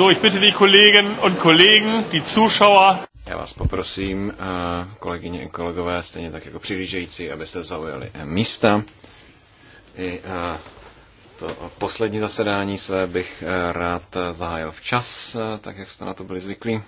So, ich bitte die Kolleginnen und Kollegen, die Zuschauer. Já vás poprosím, eh, kolegyně a kolegové, stejně tak jako přihlížející, abyste zaujali eh, místa. I eh, to poslední zasedání své bych rád zahájil včas, tak jak jste na to byli zvyklí.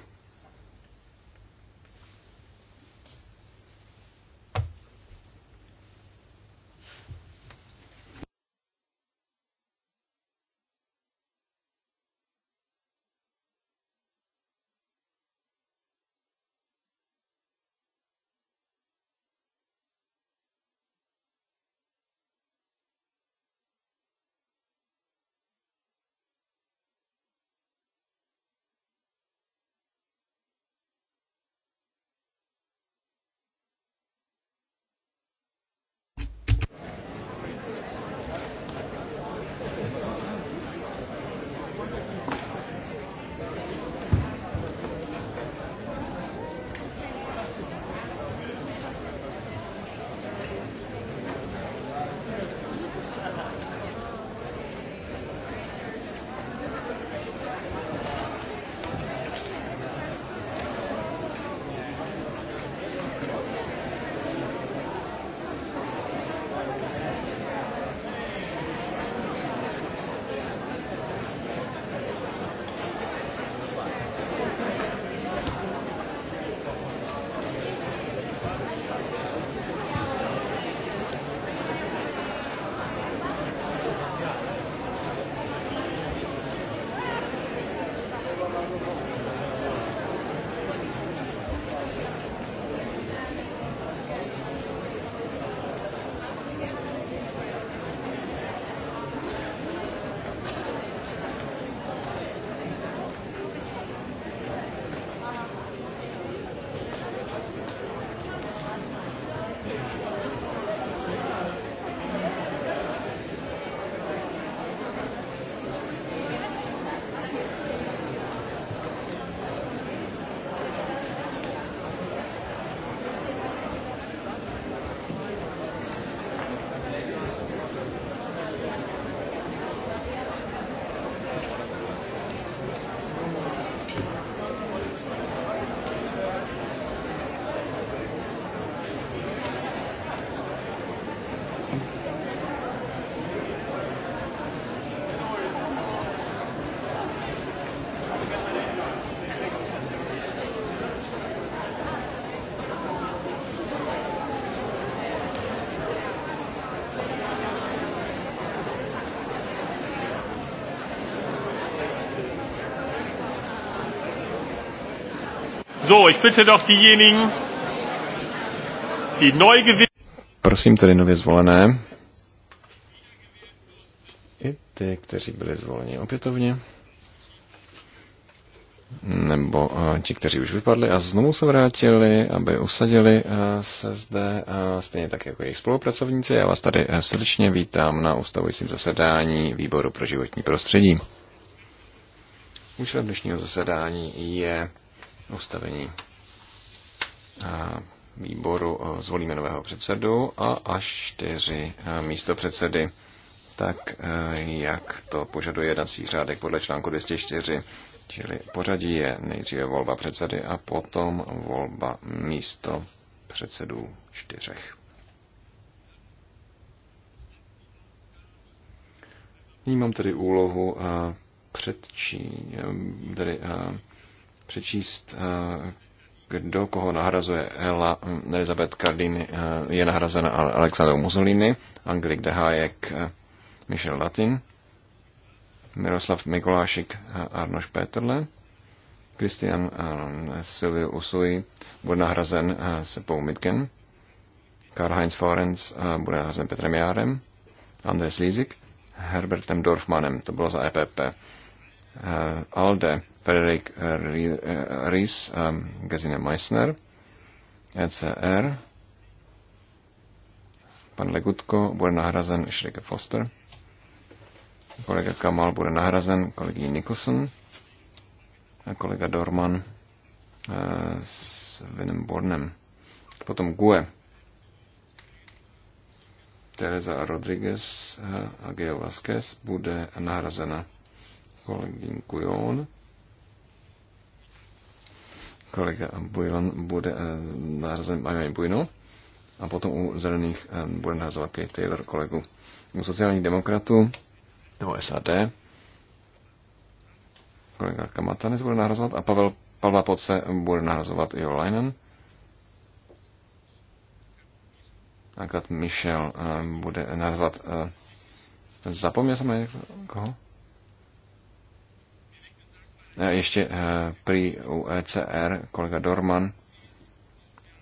So, ich bitte doch diejenigen, die neu gewählt Prosím tedy nově zvolené, i ty, kteří byli zvoleni opětovně, nebo uh, ti, kteří už vypadli a znovu se vrátili, aby usadili uh, se zde, uh, stejně tak jako jejich spolupracovníci. Já vás tady uh, srdečně vítám na ustavujícím zasedání Výboru pro životní prostředí. Účelem dnešního zasedání je ustavení výboru zvolíme nového předsedu a až čtyři místo předsedy, tak e, jak to požaduje jednací řádek podle článku 204. Čili pořadí je nejdříve volba předsedy a potom volba místo předsedů čtyřech. Nyní mám tedy úlohu předčí, e, tedy přečíst, eh, kdo koho nahrazuje. Ela mm, Elizabeth Cardini eh, je nahrazena Alexandrou Mussolini, Anglik de Hayek eh, Michel Latin, Miroslav Mikulášik Arnoš Péterle, Christian Silvio Usui bude nahrazen Sepou Mitgen, Karl-Heinz Florenz bude nahrazen Petrem Járem, Andres Lízik Herbertem Dorfmanem, to bylo za EPP, Alde Frederik Ries a Gesine Meissner, ECR, pan Legutko bude nahrazen Šrike Foster, kolega Kamal bude nahrazen kolegy Nicholson a kolega Dorman e, s Vinem Bornem. Potom Gue, Teresa Rodriguez e, a Geo Vasquez bude nahrazena kolegyň Kujon kolega Bujlan bude eh, nahrazen Ajmej Bujnu a potom u zelených eh, bude nahrazovat Kate Taylor kolegu. U sociálních demokratů nebo SAD kolega Kamatanis bude nahrazovat a Pavel Pavla Poce bude nahrazovat Jo Leinen. Agat Michel eh, bude nahrazovat Zapomněl jsem na koho? Eh, ještě eh, prý u ECR, kolega Dorman,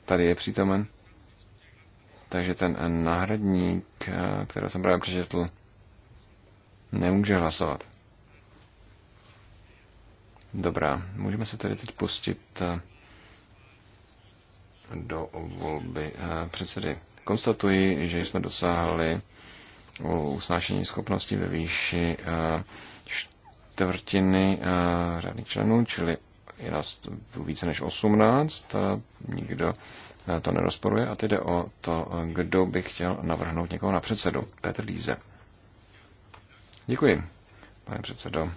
tady je přítomen. Takže ten eh, náhradník, kterého jsem právě přečetl, nemůže hlasovat. Dobrá, můžeme se tedy teď pustit do volby předsedy. Konstatuji, že jsme dosáhli usnášení schopnosti ve výši čtvrtiny eh, řádných členů, čili je nás více než 18, eh, nikdo eh, to nerozporuje. A teď jde o to, kdo by chtěl navrhnout někoho na předsedu. Petr Líze. Děkuji, pane předsedo.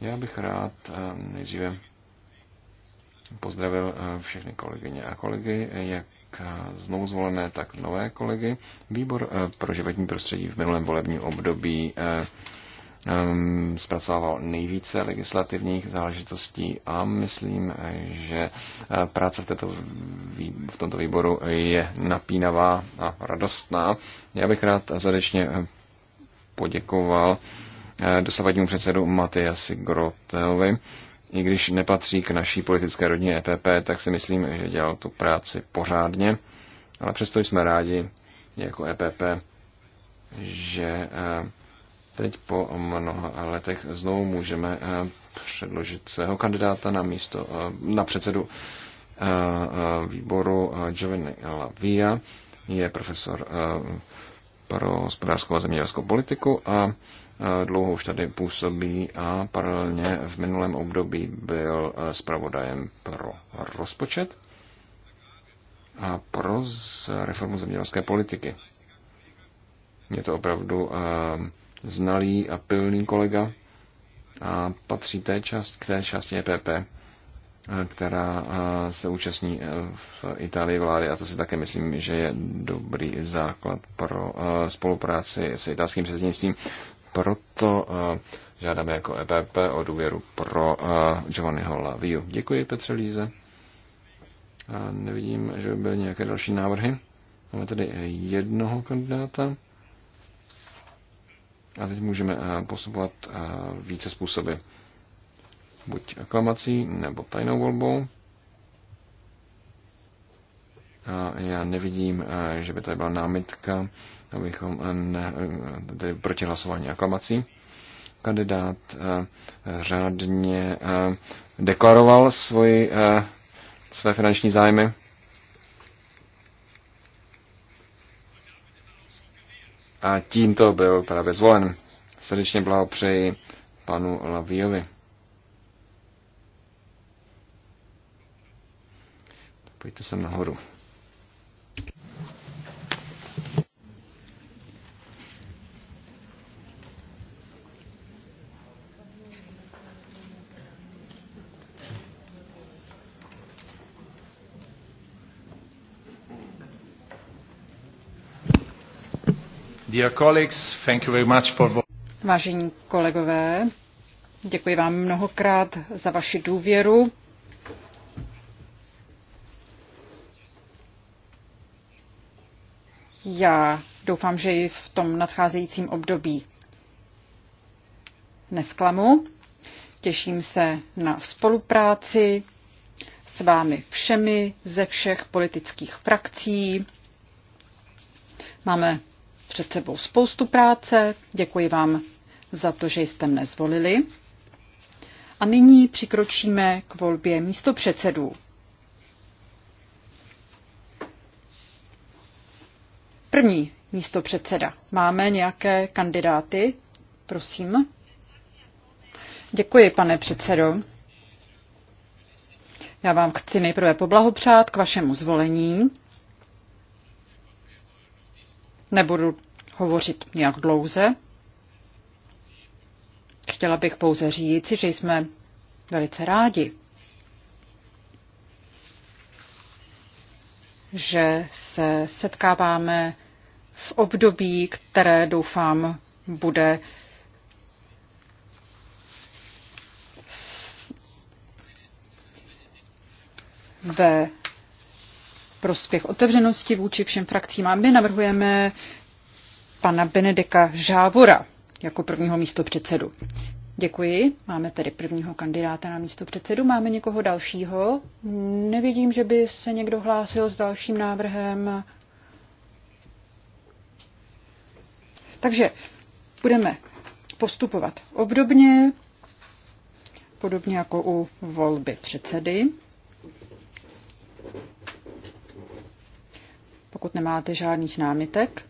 Já bych rád nejdříve pozdravil všechny kolegyně a kolegy, jak znovu zvolené, tak nové kolegy. Výbor pro životní prostředí v minulém volebním období Ehm, zpracovával nejvíce legislativních záležitostí a myslím, že eh, práce v, této, v tomto výboru je napínavá a radostná. Já bych rád zadečně eh, poděkoval eh, dosavadnímu předsedu Matyasi Grotelovi. I když nepatří k naší politické rodině EPP, tak si myslím, že dělal tu práci pořádně. Ale přesto jsme rádi jako EPP, že Teď po mnoha letech znovu můžeme eh, předložit svého kandidáta na místo, eh, na předsedu eh, výboru Giovanni Lavia. Je profesor pro hospodářskou a zemědělskou politiku a dlouho už tady působí a paralelně v minulém období byl zpravodajem pro rozpočet a pro reformu zemědělské politiky. Je to opravdu znalý a pilný kolega a patří té část, k té části EPP, eh, která eh, se účastní eh, v Itálii vlády a to si také myslím, že je dobrý základ pro spolupráci s italským předsednictvím. Proto žádáme jako EPP o důvěru pro Giovanniho Laviu. Děkuji Petře Líze. A nevidím, že by byly nějaké další návrhy. Máme tady jednoho kandidáta. A teď můžeme eh, postupovat eh, více způsoby. Buď aklamací nebo tajnou volbou. A já nevidím, eh, že by tady byla námitka, abychom ne, tedy proti hlasování aklamací. Kandidát řádně deklaroval svoji, své finanční zájmy a tímto byl právě zvolen. Srdečně blahopřeji panu Laviovi. Pojďte sem nahoru. Vážení kolegové, děkuji vám mnohokrát za vaši důvěru. Já doufám, že i v tom nadcházejícím období nesklamu. Těším se na spolupráci s vámi všemi ze všech politických frakcí. Máme před sebou spoustu práce. Děkuji vám za to, že jste mne zvolili. A nyní přikročíme k volbě místopředsedů. První místopředseda. Máme nějaké kandidáty? Prosím. Děkuji, pane předsedo. Já vám chci nejprve poblahopřát k vašemu zvolení. Nebudu hovořit nějak dlouze. Chtěla bych pouze říci, že jsme velice rádi, že se setkáváme v období, které doufám bude ve prospěch otevřenosti vůči všem frakcím. A my navrhujeme pana Benedeka Žávora jako prvního místo předsedu. Děkuji. Máme tedy prvního kandidáta na místo předsedu. Máme někoho dalšího? Nevidím, že by se někdo hlásil s dalším návrhem. Takže budeme postupovat obdobně, podobně jako u volby předsedy. Pokud nemáte žádných námitek,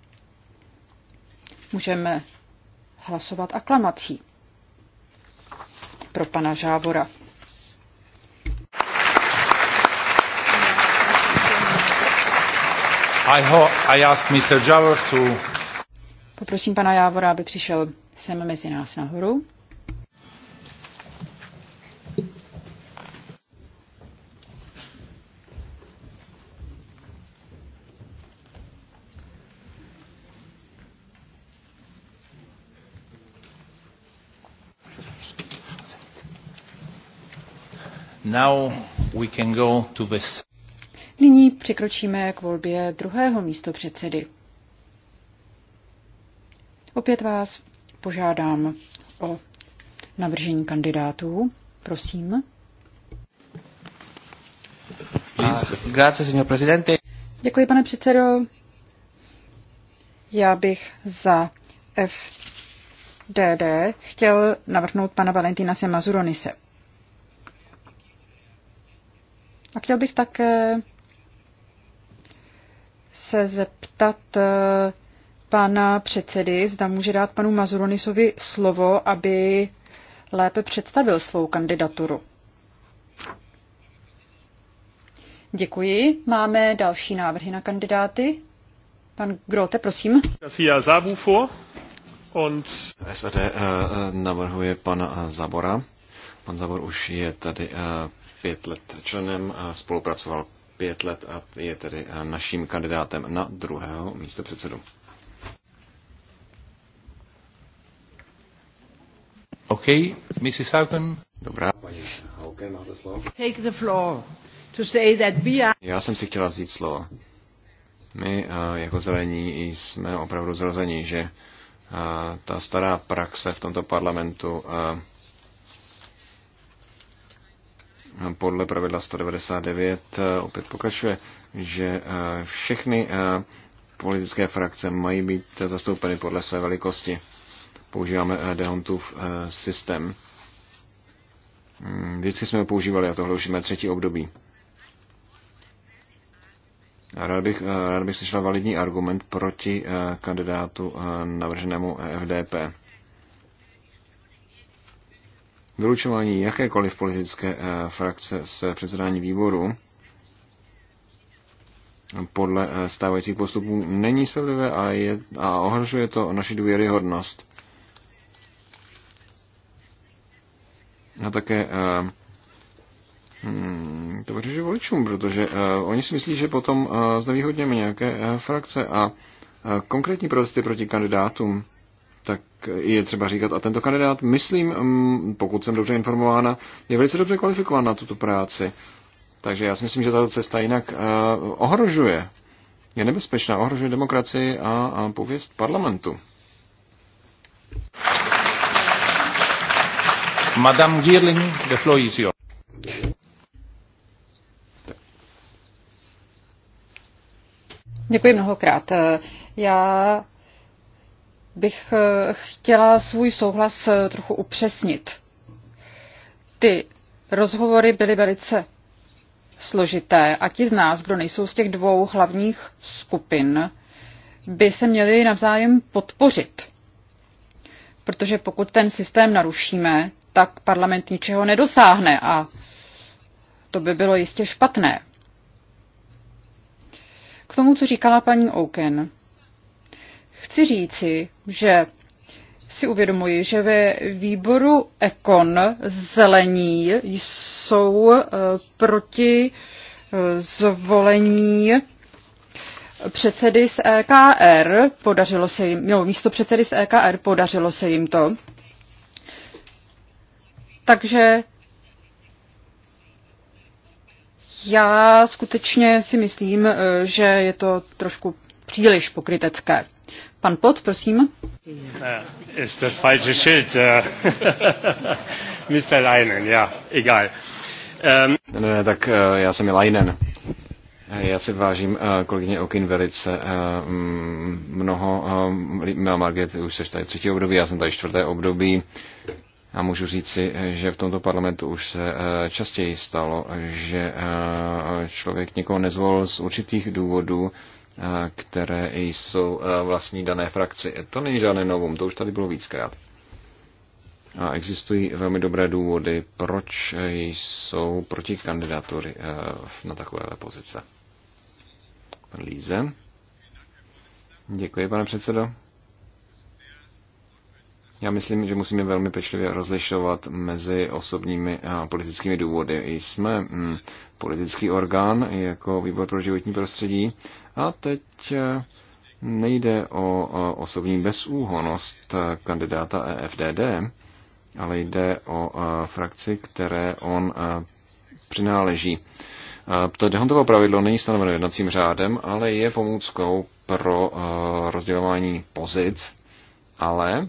můžeme hlasovat aklamací pro pana Žávora. I hope I ask Mr. Javor to... Poprosím pana Jávora, aby přišel sem mezi nás nahoru. Now we can go to this. Nyní přikročíme k volbě druhého místo předsedy. Opět vás požádám o navržení kandidátů. Prosím. Ah, Děkuji, pane předsedo. Já bych za FDD chtěl navrhnout pana Valentina Semazuronise. A chtěl bych také se zeptat eh, pana předsedy, zda může dát panu Mazuronisovi slovo, aby lépe představil svou kandidaturu. Děkuji. Máme další návrhy na kandidáty. Pan Grote, prosím. SAD eh, eh, navrhuje pana Zabora. Pan Zabor už je tady pět let členem a spolupracoval pět let a je tedy naším kandidátem na druhého místo předsedu. OK, Mrs. Hauken. Dobrá, paní Hauken, máte slovo. Take the floor to say that we are... Já jsem si chtěla vzít slovo. My jako zelení jsme opravdu zrození, že ta stará praxe v tomto parlamentu podle pravidla 199 eh, opět pokračuje, že eh, všechny eh, politické frakce mají být zastoupeny podle své velikosti. Používáme Dehontův systém. Hmm, vždycky jsme ho používali a tohle už je třetí období. Rád bych, rád bych slyšel validní argument proti kandidátu navrženému FDP. Vylučování jakékoliv politické eh, frakce z předsedání výboru podle eh, stávajících postupů není spravedlivé a, je, a ohrožuje to naši důvěryhodnost. A také eh, hmm, to vyřeší voličům, protože uh, oni si myslí, že potom uh, znevýhodněme nějaké uh, frakce a uh, konkrétní protesty proti kandidátům tak je třeba říkat, a tento kandidát, myslím, pokud jsem dobře informována, je velice dobře kvalifikován na tuto práci. Takže já si myslím, že tato cesta jinak eh, ohrožuje, je nebezpečná, ohrožuje demokracii a, a pověst parlamentu. Madame Gierling the floor is yours. Děkuji mnohokrát. Já bych eh, chtěla svůj souhlas eh, trochu upřesnit. Ty rozhovory byly velice složité a ti z nás, kdo nejsou z těch dvou hlavních skupin, by se měli navzájem podpořit. Protože pokud ten systém narušíme, tak parlament ničeho nedosáhne a to by bylo jistě špatné. K tomu, co říkala paní Oken, Chci říci, že si uvědomuji, že ve výboru Ekon zelení jsou eh, proti eh, zvolení předsedy z EKR, podařilo se jim, no, místo předsedy z EKR, podařilo se jim to. Takže já skutečně si myslím, eh, že je to trošku příliš pokrytecké. Pan Pot, prosím. Äh, ist das falsche Schild. Äh, Mr. Leinen, ja, egal. Ähm, no, ne, tak äh, já jsem Leinen. Já si vážím kolegyně Okin velice mnoho. Mila Margit, už seš tady třetí období, já jsem tady čtvrté období. A můžu říci, že v tomto parlamentu už se častěji stalo, že člověk někoho nezvolil z určitých důvodů, které jsou vlastní dané frakci. To není žádné novum, to už tady bylo víckrát. A existují velmi dobré důvody, proč jsou proti kandidatury na takovéhle pozice. Líze. Děkuji, pane předsedo. Já myslím, že musíme velmi pečlivě rozlišovat mezi osobními a politickými důvody. Jsme mm, politický orgán jako výbor pro životní prostředí a teď eh, nejde o osobní bezúhonost kandidáta EFDD, ale jde o eh, frakci, které on eh, přináleží. To dehontové pravidlo není stanoveno jednacím řádem, ale je pomůckou pro rozdělování pozic, ale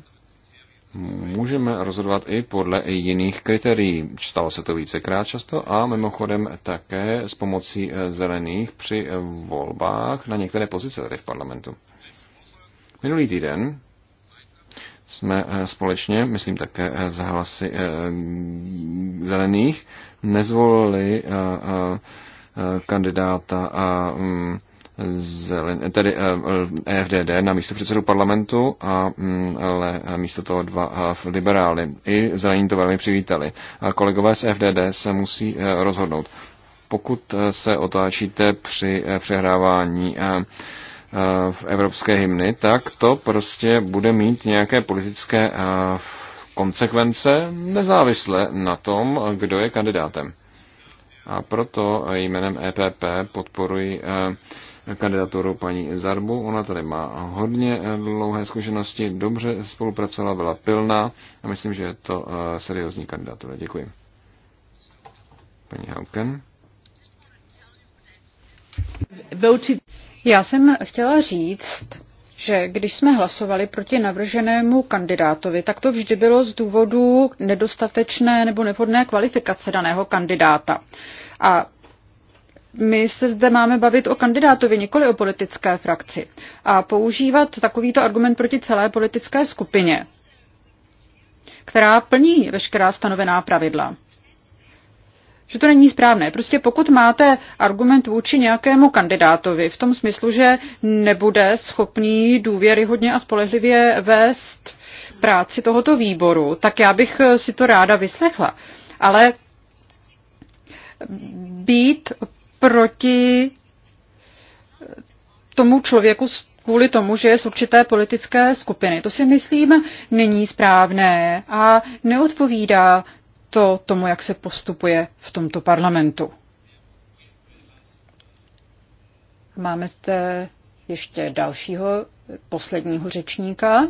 můžeme rozhodovat i podle jiných kritérií. Stalo se to vícekrát často a mimochodem také s pomocí eh, zelených při eh, volbách na některé pozice tady v parlamentu. Minulý týden jsme eh, společně, myslím také z hlasy zelených, nezvolili kandidáta a mm, zelen, tedy EFDD eh, eh, na místo předsedu parlamentu a ale mm, eh, místo toho dva liberály. I zelení to velmi přivítali. A kolegové z FDD se musí rozhodnout. Pokud se otáčíte při přehrávání v evropské hymny, tak to prostě bude mít nějaké politické konsekvence nezávisle na tom, kdo je kandidátem. A proto jménem EPP podporuji kandidaturu paní Zarbu. Ona tady má hodně eh, dlouhé zkušenosti, dobře spolupracovala, byla pilná a myslím, že je to eh, seriózní kandidatura. Děkuji. Paní Hauken. Já jsem chtěla říct, že když jsme hlasovali proti navrženému kandidátovi, tak to vždy bylo z důvodu nedostatečné nebo nevhodné kvalifikace daného kandidáta. A my se zde máme bavit o kandidátovi, nikoli o politické frakci. A používat takovýto argument proti celé politické skupině, která plní veškerá stanovená pravidla. Že to není správné. Prostě pokud máte argument vůči nějakému kandidátovi v tom smyslu, že nebude schopný důvěryhodně a spolehlivě vést práci tohoto výboru, tak já bych eh, si to ráda vyslechla. Ale být proti tomu člověku kvůli tomu, že je z určité politické skupiny. To si myslím není správné a neodpovídá to tomu, jak se postupuje v tomto parlamentu. Máme zde ještě dalšího posledního řečníka.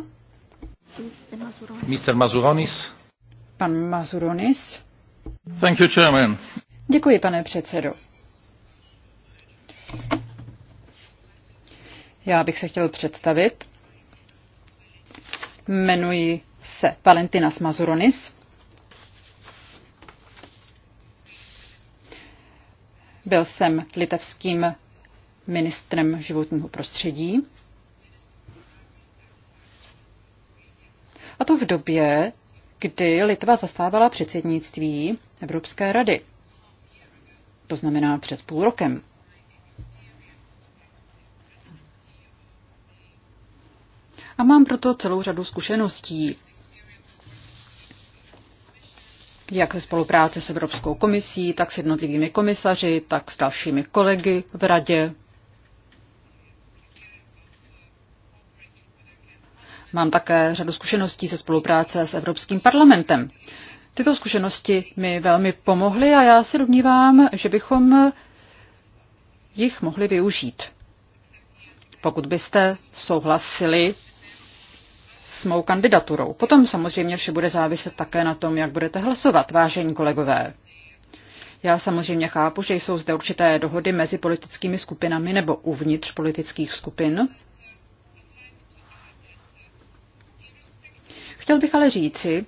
Mr. Mazuronis. Pan Mazuronis. Thank you, chairman. Děkuji, pane předsedo. Já bych se chtěl představit. Jmenuji se Valentina Smazuronis. Byl jsem litevským ministrem životního prostředí. A to v době, kdy Litva zastávala předsednictví Evropské rady. To znamená před půl rokem. a mám proto celou řadu zkušeností. Jak ve spolupráce s Evropskou komisí, tak s jednotlivými komisaři, tak s dalšími kolegy v radě. Mám také řadu zkušeností se spolupráce s Evropským parlamentem. Tyto zkušenosti mi velmi pomohly a já se domnívám, že bychom jich mohli využít. Pokud byste souhlasili s mou kandidaturou. Potom samozřejmě vše bude záviset také na tom, jak budete hlasovat, vážení kolegové. Já samozřejmě chápu, že jsou zde určité dohody mezi politickými skupinami nebo uvnitř politických skupin. Chtěl bych ale říci,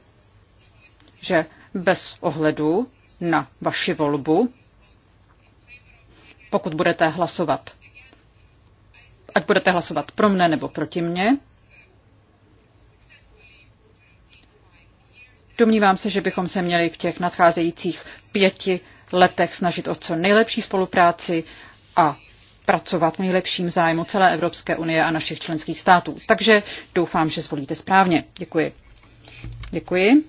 že bez ohledu na vaši volbu, pokud budete hlasovat, ať budete hlasovat pro mne nebo proti mně, Domnívám se, že bychom se měli v těch nadcházejících pěti letech snažit o co nejlepší spolupráci a pracovat v nejlepším zájmu celé Evropské unie a našich členských států. Takže doufám, že zvolíte správně. Děkuji. Děkuji.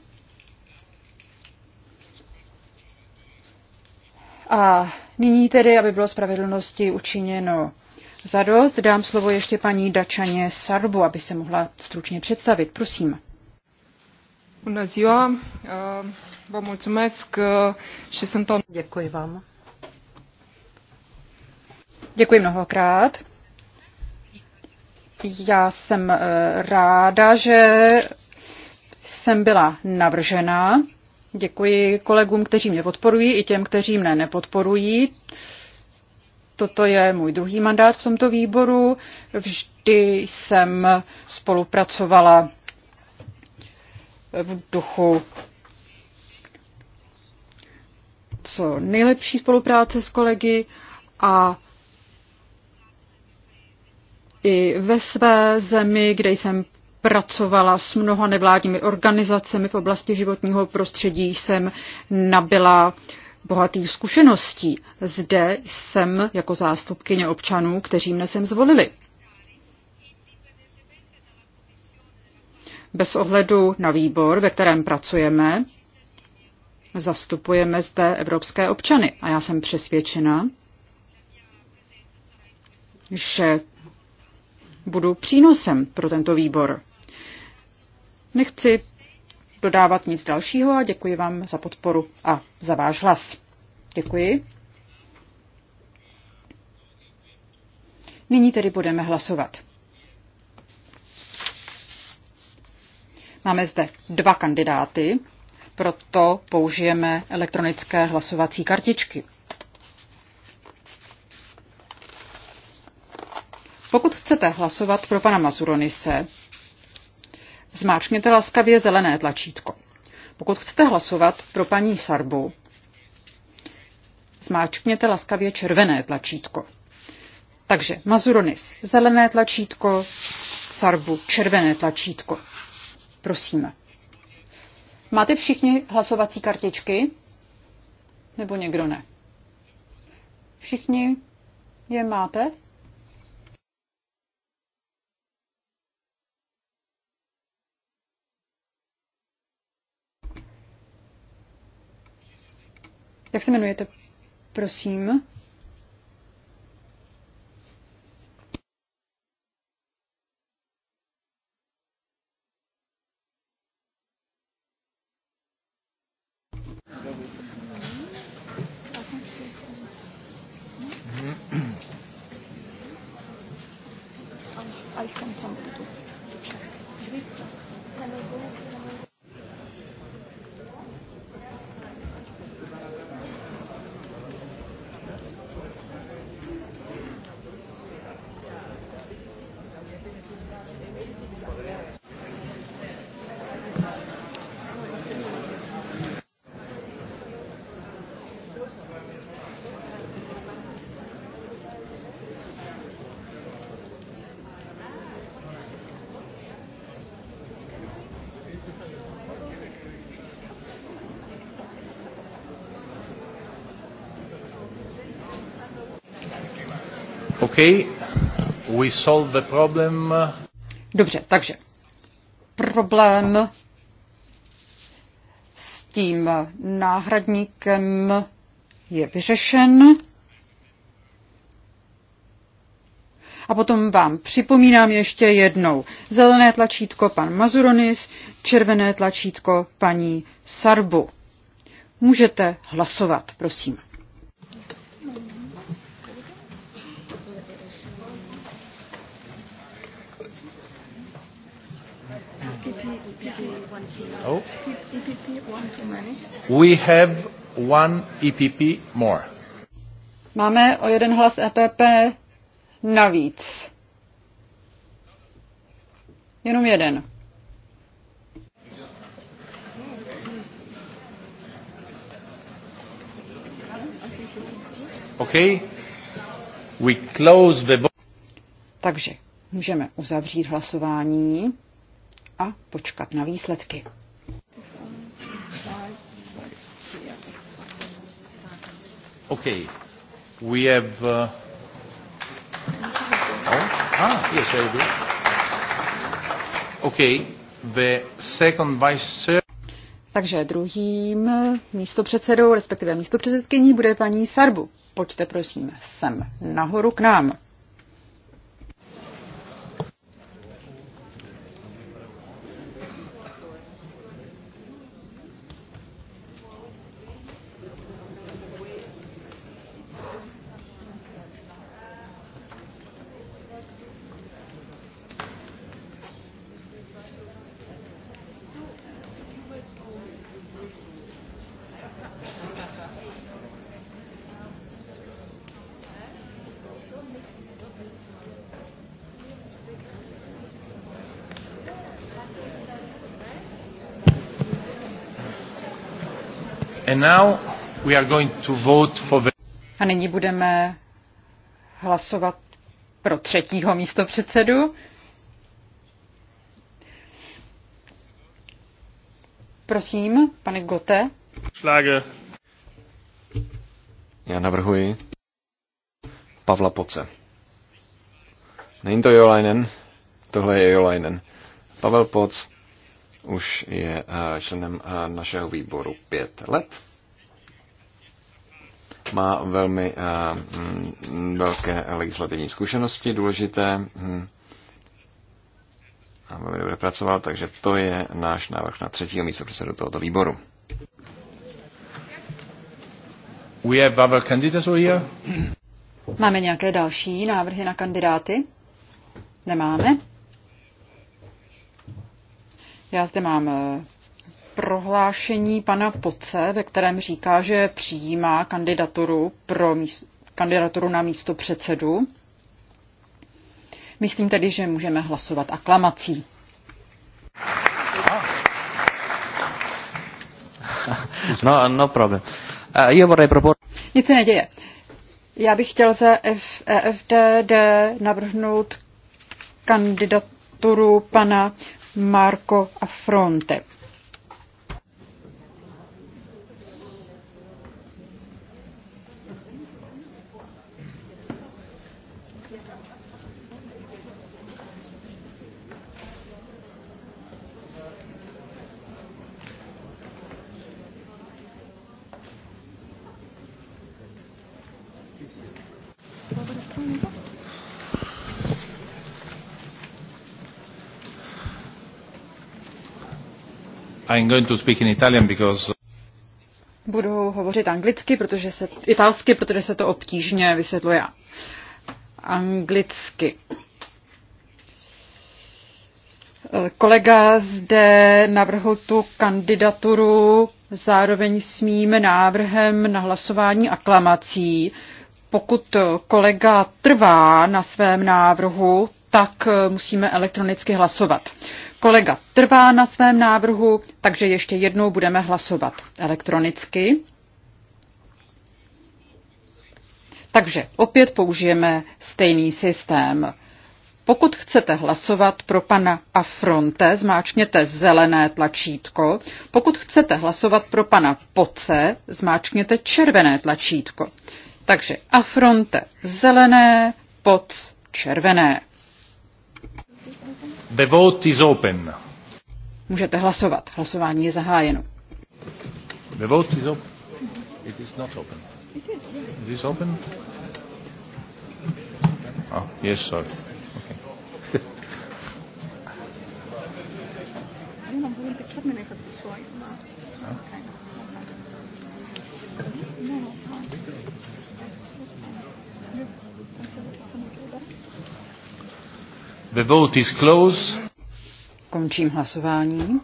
A nyní tedy, aby bylo spravedlnosti učiněno zadost, dám slovo ještě paní Dačaně Sarbu, aby se mohla stručně představit. Prosím. Bună ziua, uh, vă mulțumesc uh, și sunt Děkuji vám. Děkuji mnohokrát. Já jsem uh, ráda, že jsem byla navržena. Děkuji kolegům, kteří mě podporují, i těm, kteří mne nepodporují. Toto je můj druhý mandát v tomto výboru. Vždy jsem spolupracovala v duchu co nejlepší spolupráce s kolegy a i ve své zemi, kde jsem pracovala s mnoha nevládními organizacemi v oblasti životního prostředí, jsem nabila bohatých zkušeností. Zde jsem jako zástupkyně občanů, kteří mne sem zvolili. bez ohledu na výbor, ve kterém pracujeme, zastupujeme zde evropské občany. A já jsem přesvědčena, že budu přínosem pro tento výbor. Nechci dodávat nic dalšího a děkuji vám za podporu a za váš hlas. Děkuji. Nyní tedy budeme hlasovat. Máme zde dva kandidáty, proto použijeme elektronické hlasovací kartičky. Pokud chcete hlasovat pro pana Mazuronise, zmáčkněte laskavě zelené tlačítko. Pokud chcete hlasovat pro paní Sarbu, zmáčkněte laskavě červené tlačítko. Takže Mazuronis zelené tlačítko, Sarbu červené tlačítko. Prosím. Máte všichni hlasovací kartičky? Nebo někdo ne? Všichni je máte? Jak se jmenujete, prosím? Okay, we solve the problem. Dobře, takže problém s tím náhradníkem je vyřešen. A potom vám připomínám ještě jednou. Zelené tlačítko pan Mazuronis, červené tlačítko paní Sarbu. Můžete hlasovat, prosím. Oh. EPP one too many. We have one EPP more. Máme o jeden hlas EPP navíc. Jenom jeden. Okay. We close the... Takže můžeme uzavřít hlasování a počkat na výsledky. Okay. We have. Uh... Oh? Ah, yes, I do. Okay. The second vice chair. Takže druhým místopředsedou, respektive místopředsedkyní, bude paní Sarbu. Pojďte prosím sem nahoru k nám. A nyní budeme hlasovat pro třetího místo předsedu. Prosím, pane Gote. Šláge. Já navrhuji Pavla Poce. Není to Jolajnen, tohle je Jolajnen. Pavel Poc už je eh, členem eh, našeho výboru pět let. Má velmi eh, mm, velké legislativní zkušenosti, důležité hm, a velmi dobře pracoval, takže to je náš návrh na třetího místo předsedu tohoto výboru. We have other candidates here. Máme nějaké další návrhy na kandidáty? Nemáme. Já zde mám eh, prohlášení pana Poce, ve kterém říká, že přijímá kandidaturu, pro míst, kandidaturu na místo předsedu. Myslím tedy, že můžeme hlasovat aklamací. No, no problém. Io vorrei propor... Nic se neděje. Já bych chtěl za EFDD navrhnout kandidaturu pana Marco Affronte. I'm going to speak in Italian because uh, Budu hovořit anglicky, protože se, italsky, protože se to obtížně vysvětluje anglicky. Kolega zde navrhl tu kandidaturu zároveň s mým návrhem na hlasování aklamací. Pokud kolega trvá na svém návrhu, tak musíme elektronicky hlasovat. Kolega trvá na svém návrhu, takže ještě jednou budeme hlasovat elektronicky. Takže opět použijeme stejný systém. Pokud chcete hlasovat pro pana Afronte, zmáčkněte zelené tlačítko. Pokud chcete hlasovat pro pana Poce, zmáčkněte červené tlačítko. Takže Afronte zelené, Poc červené. The vote is open. Můžete hlasovat. Hlasování je zahájeno. The vote is open. It is not open. is. Is this open? Oh, yes, sorry. Okay. No, no, The vote is closed. Končím hlasování.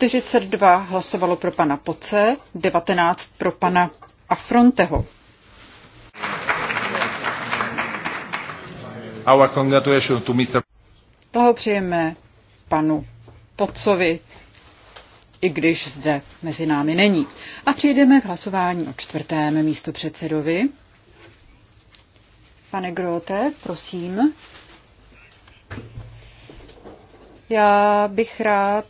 42 hlasovalo pro pana Poce, 19 pro pana Afronteho. Our congratulations to Mr. Blahopřejeme panu Pocovi, i když zde mezi námi není. A přejdeme k hlasování o čtvrtém místo předsedovi. Pane Grote, prosím. Já bych rád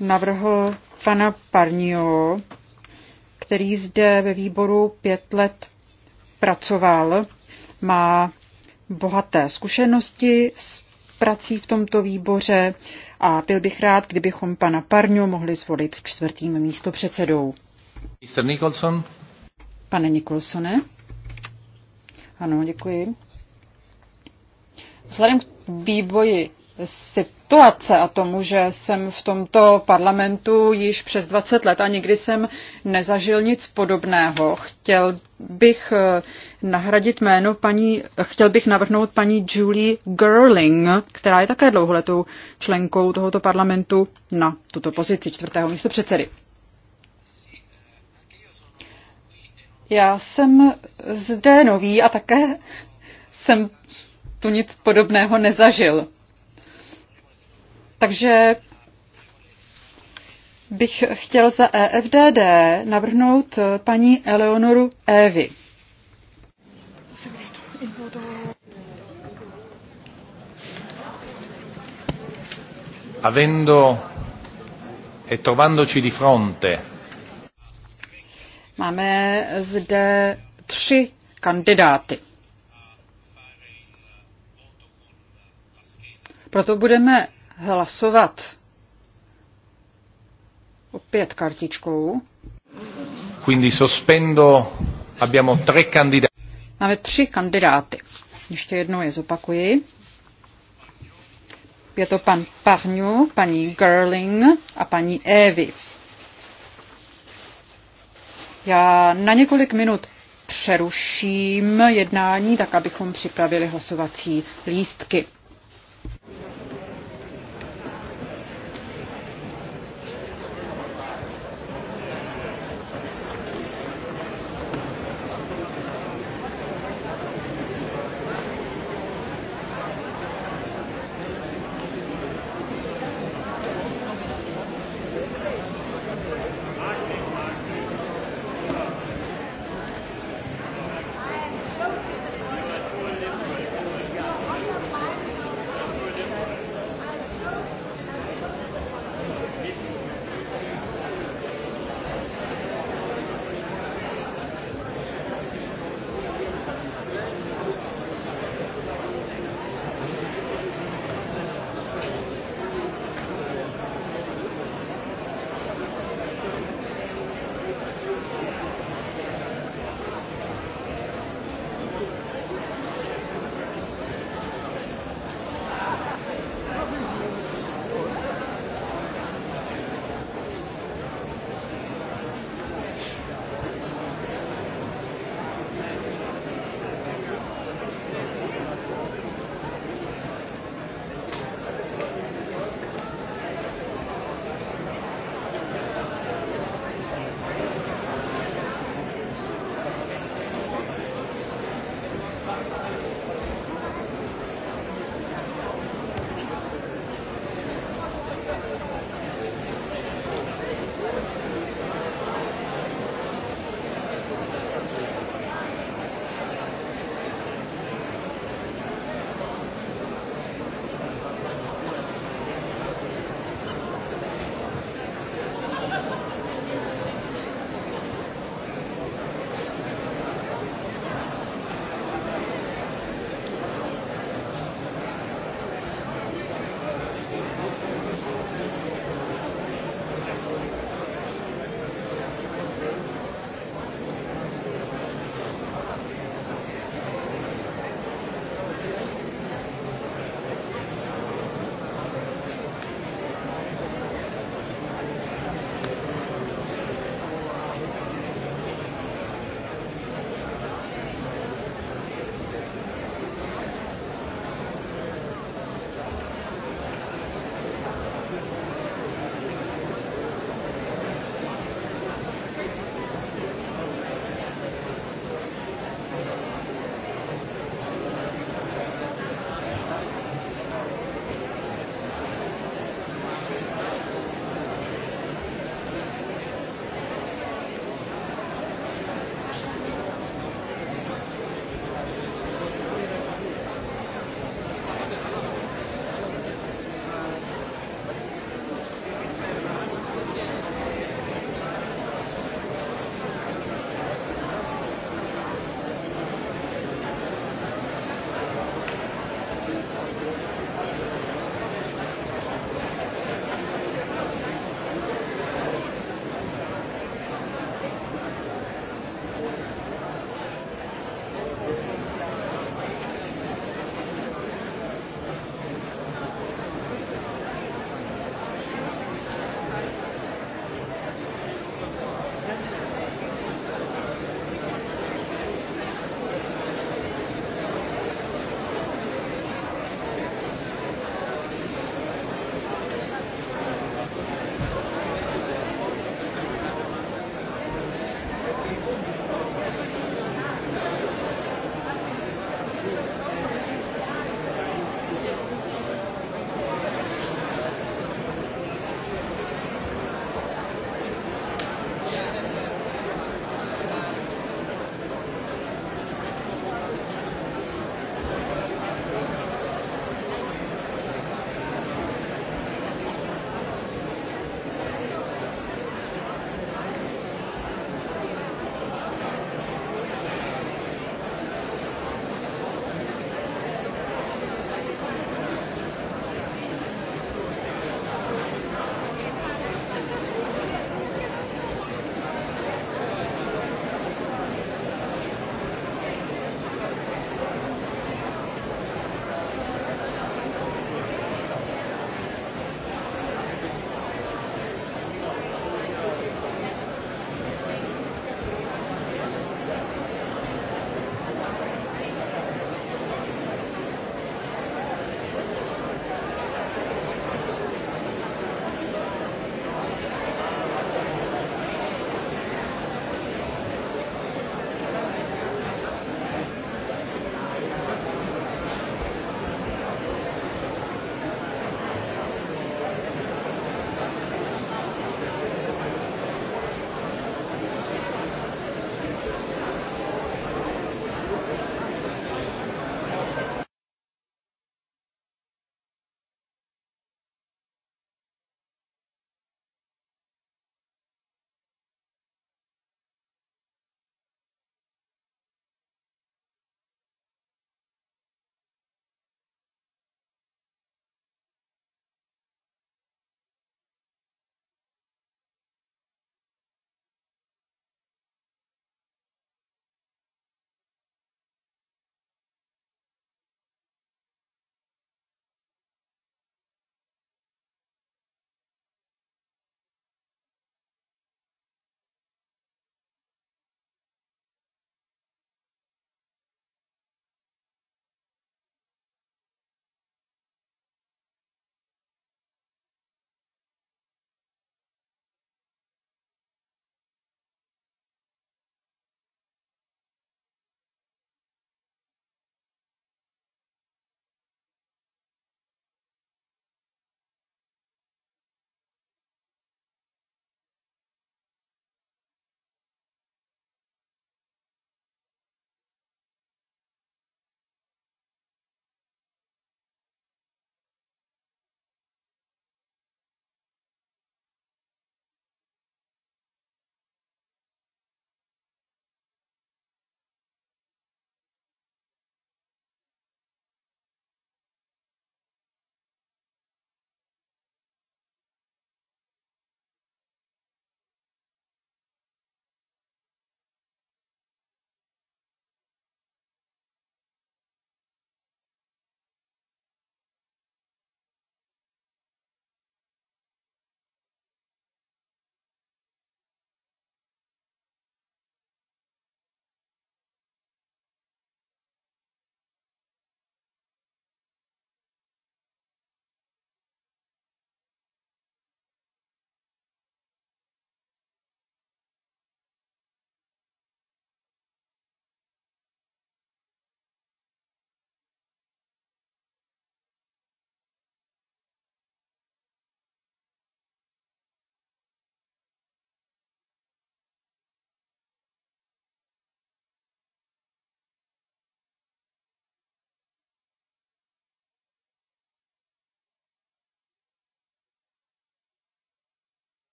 navrhl pana Parnio, který zde ve výboru pět let pracoval. Má bohaté zkušenosti s prací v tomto výboře a byl bych rád, kdybychom pana Parnio mohli zvolit čtvrtým místopředsedou. Nicholson. Pane Nikolsone. Ano, děkuji. Vzhledem k vývoji situace a tomu, že jsem v tomto parlamentu již přes 20 let a nikdy jsem nezažil nic podobného. Chtěl bych eh, nahradit jméno paní, chtěl bych navrhnout paní Julie Gerling, která je také dlouholetou členkou tohoto parlamentu na tuto pozici čtvrtého místo předsedy. Já jsem zde nový a také jsem tu nic podobného nezažil. Takže bych chtěl za EFDD navrhnout paní Eleonoru Evy. Avendo e trovandoci di fronte Máme zde tři kandidáty. Proto budeme hlasovat opět kartičkou. Quindi sospendo, abbiamo tre candidati. Máme tři kandidáty. Ještě jednou je zopakuji. Je to pan Parňu, paní Gerling a paní Evy. Já na několik minut přeruším jednání, tak abychom připravili hlasovací lístky.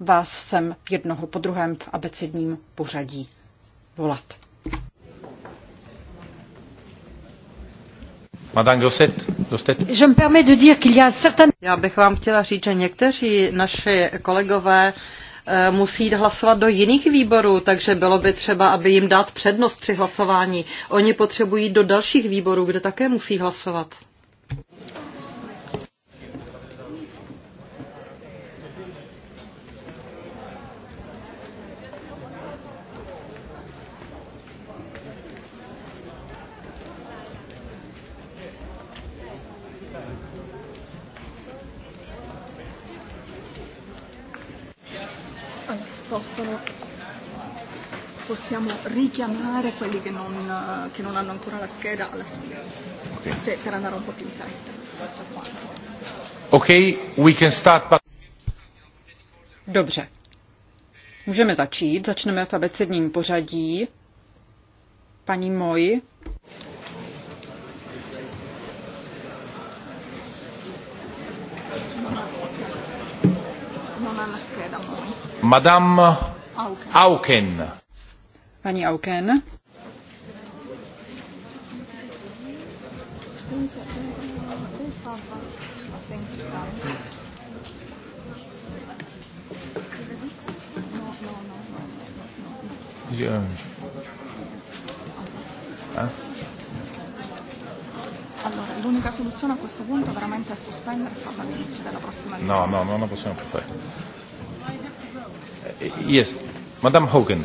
vás sem jednoho po druhém v abecedním pořadí volat. Madame Gosset. Je Já bych vám chtěla říct, že někteří naši kolegové eh, musí jít hlasovat do jiných výborů, takže bylo by třeba, aby jim dát přednost při hlasování. Oni potřebují do dalších výborů, kde také musí hlasovat. richiamare quelli che non, che non hanno ancora la scheda alla fine, okay. se, per andare un po' più in fretta. Ok, we can start, but... Dobře. Můžeme začít. Začneme v abecedním pořadí. Paní Moj. Madame Auken. Auken. Paní Auken. Yeah. Huh? Ah. Allora, l'unica soluzione a questo punto veramente è sospendere e farla all'inizio della prossima no, no, no, non la possiamo fare. Eh, yes, Madame Hogan.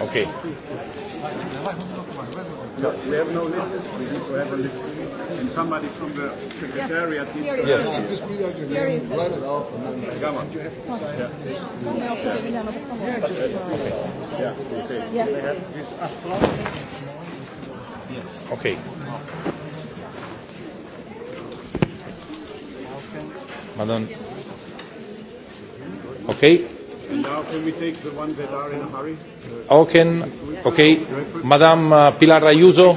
Okay. No, we have no list. We need to have a list. And somebody from the secretariat needs to yes. yes. write it off, and then you have to sign yeah. Yeah, okay. Yeah, okay. Yeah. Yes. Okay. Madame. Okay. Can we take the ones that are in a hurry? Okay, okay. Madame uh, Pilar Ayuso.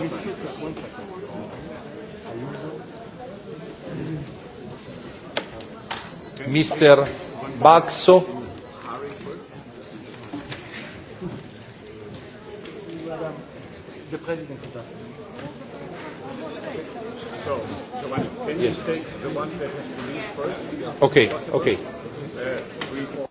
Mr. Baxo. Okay, okay. Uh,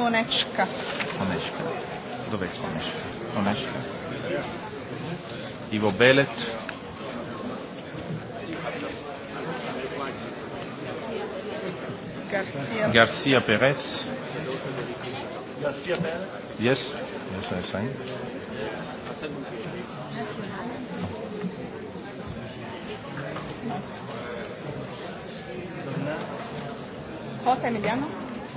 Konečka. Konečka. Dove je Konečka? Konečka. Ivo Belet. Garcia. Garcia Perez. Garcia Perez? Yes. Yes, I sign. Cosa Emiliano?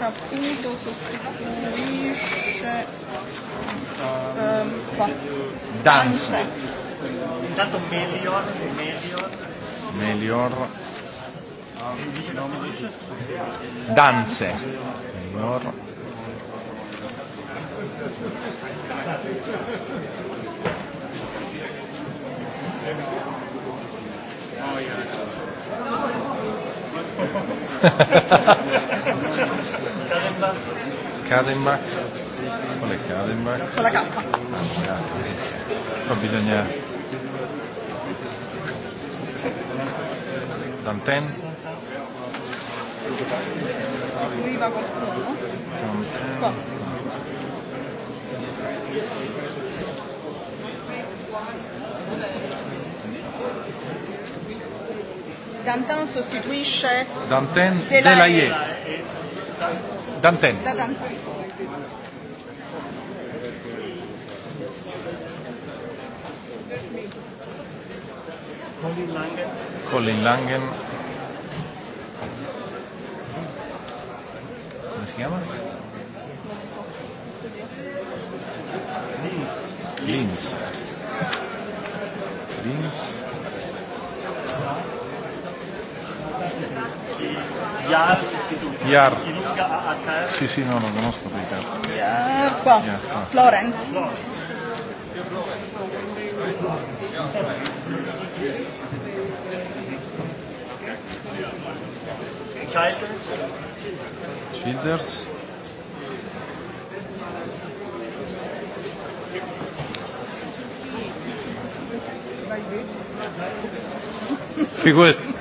capito sostituisce ehm, qua. dance. Intanto Melior, Melior. Melior. Danze. Melior. Oh, yeah. Kadenbach. Qual è Kadenbach? Con la K. Ah, bisogna... Danten? Arriva qualcuno? Danten. Qua. Thank you. Dantin sostituisce Dantin Delaye. Dantin. Da Dantin. Colin Langen. Come si chiama? se llama? Lins. Lins. Lins. Yar, Yar. Sì, sì, no, lo conosco per caso. Yar, qua. qua. Florence. Childers. Figurati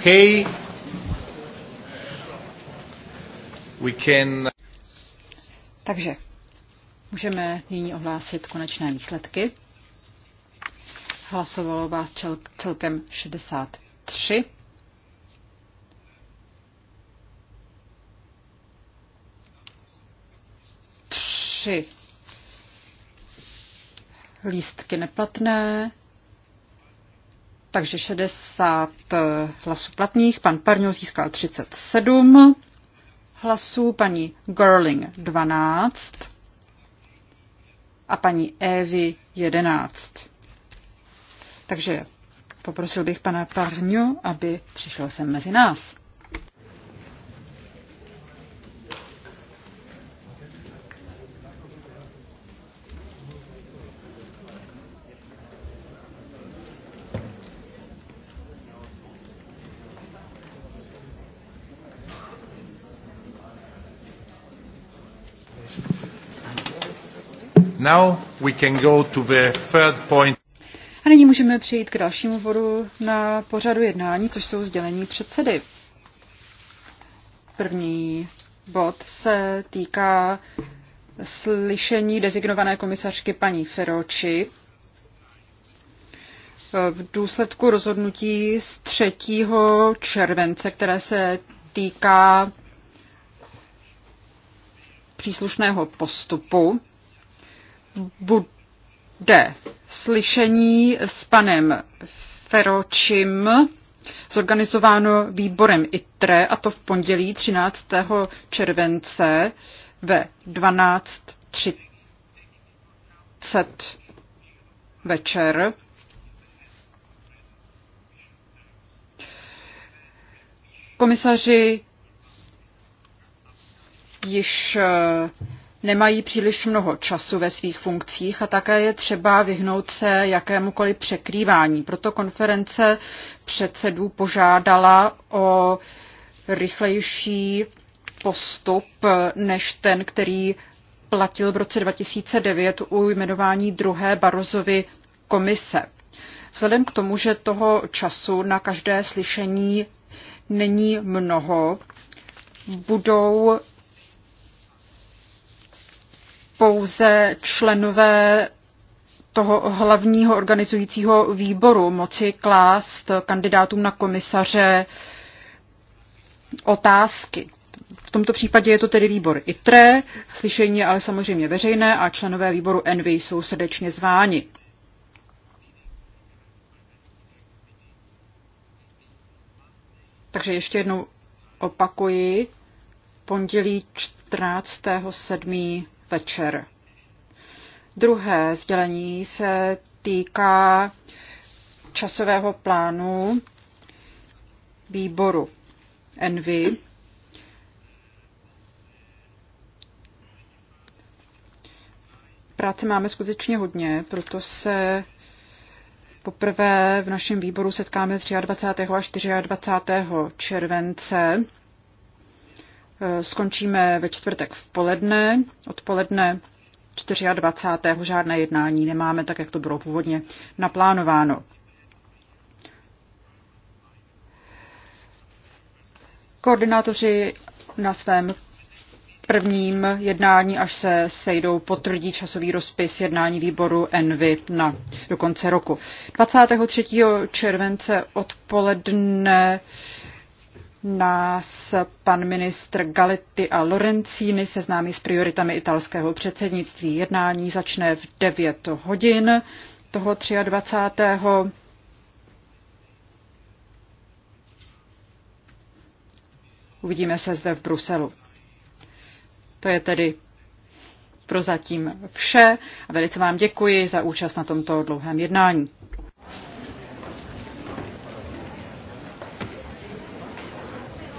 Okay. We can... Takže můžeme nyní ohlásit konečné výsledky. Hlasovalo vás čel, celkem 63. Tři lístky neplatné, takže 60 eh, hlasů platných, pan Parňo získal 37 hlasů, paní Girling 12 a paní Evy 11. Takže poprosil bych pana Parňu, aby přišel sem mezi nás. Now we can go to the third point. A nyní můžeme přejít k dalšímu bodu na pořadu jednání, což jsou sdělení předsedy. První bod se týká slyšení dezignované komisařky paní Feroči v důsledku rozhodnutí z 3. července, které se týká příslušného postupu bude slyšení s panem Feročim zorganizováno výborem ITRE a to v pondělí 13. července ve 12.30 večer. Komisaři již eh, nemají příliš mnoho času ve svých funkcích a také je třeba vyhnout se jakémukoliv překrývání. Proto konference předsedů požádala o rychlejší postup než ten, který platil v roce 2009 u jmenování druhé Barozovy komise. Vzhledem k tomu, že toho času na každé slyšení není mnoho, budou pouze členové toho hlavního organizujícího výboru moci klást kandidátům na komisaře otázky. V tomto případě je to tedy výbor ITRE, slyšení je ale samozřejmě veřejné a členové výboru ENVY jsou srdečně zváni. Takže ještě jednou opakuji, pondělí 14. 7 večer. Druhé sdělení se týká časového plánu výboru Envy. Práce máme skutečně hodně, proto se poprvé v našem výboru setkáme 23. a 24. července Eh, skončíme ve čtvrtek v poledne. Odpoledne 24. žádné jednání nemáme, tak jak to bylo původně naplánováno. Koordinátoři na svém prvním jednání, až se sejdou, potvrdí časový rozpis jednání výboru Envy na do konce roku. 23. července odpoledne nás pan ministr Galetti a Lorenzini seznámí s prioritami italského předsednictví. Jednání začne v 9 hodin toho 23. Uvidíme se zde v Bruselu. To je tedy prozatím vše a velice vám děkuji za účast na tomto dlouhém jednání.